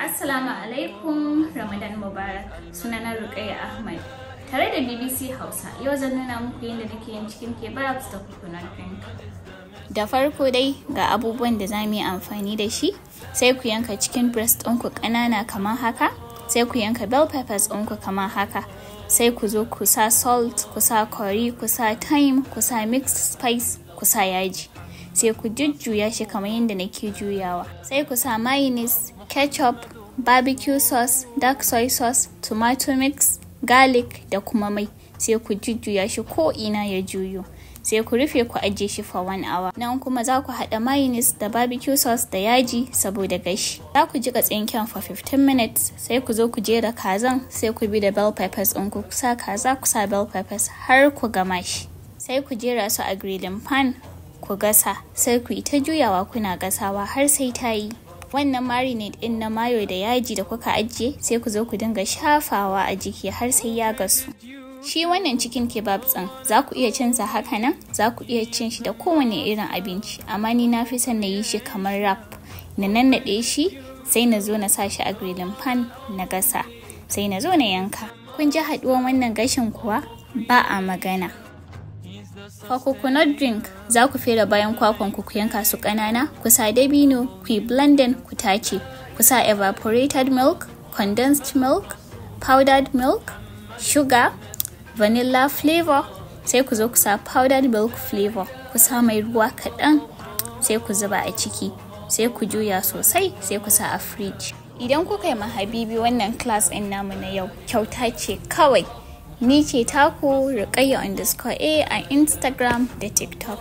Assalamu alaikum Ramadan Mubarak sunana Rukayya Ahmad tare da BBC Hausa yau zan nuna muku yadda nake yin cikin kebabs da coconut drink. Da farko dai ga abubuwan da za mu yi amfani da shi sai ku yanka cikin breast ku ƙanana kamar haka sai ku yanka bell peppers ku kamar haka sai ku zo ku sa salt ku sa curry ku sa thyme ku sa mixed spice ku sa yaji sai ku jujjuya shi kamar yadda nake juyawa sai ku sa mayonnaise ketchup, barbecue sauce, dark soy sauce, tomato mix, garlic da kuma mai. Sai ku jujjuya shi ko ina ya juyo. Sai ku rufe ku ajiye shi for one hour. Nan kuma za ku haɗa mayonnaise da barbecue sauce da yaji saboda gashi. Za ku jika tsinken for 15 minutes sai ku zo ku jera kazan sai ku bi da bell peppers in ku sa kaza ku sa bell peppers har ku gama shi. Sai ku jera su a grilling pan ku gasa sai ku yi ta juyawa kuna gasawa har sai ta yi. wannan marinade din na mayo da yaji da kuka ajiye sai ku zo ku dinga shafawa a jiki har sai ya gasu shi wannan cikin kebab din za ku iya cin sa haka nan za ku iya cin shi da kowane irin abinci amma ni na fi son na yi shi kamar rap na nannaɗe shi sai na zo na sa shi a grilling pan na gasa sai na zo na yanka kun ji haɗuwan wannan gashin kuwa ba a magana For coconut drink, za ku fere bayan kwakwan ku yanka su ƙanana, ku sa dabino, ku yi blending ku tace, ku sa evaporated milk, condensed milk, powdered milk, sugar, vanilla flavor, sai ku zo ku sa powdered milk flavor, ku sa mai ruwa kaɗan, sai ku zuba a ciki, sai ku juya sosai, sai ku sa a fridge. Idan kuka yi ma Habibi wannan class ɗin namu na yau, kyauta ce kawai. Ni ce taku rikayya underscore A a Instagram da TikTok.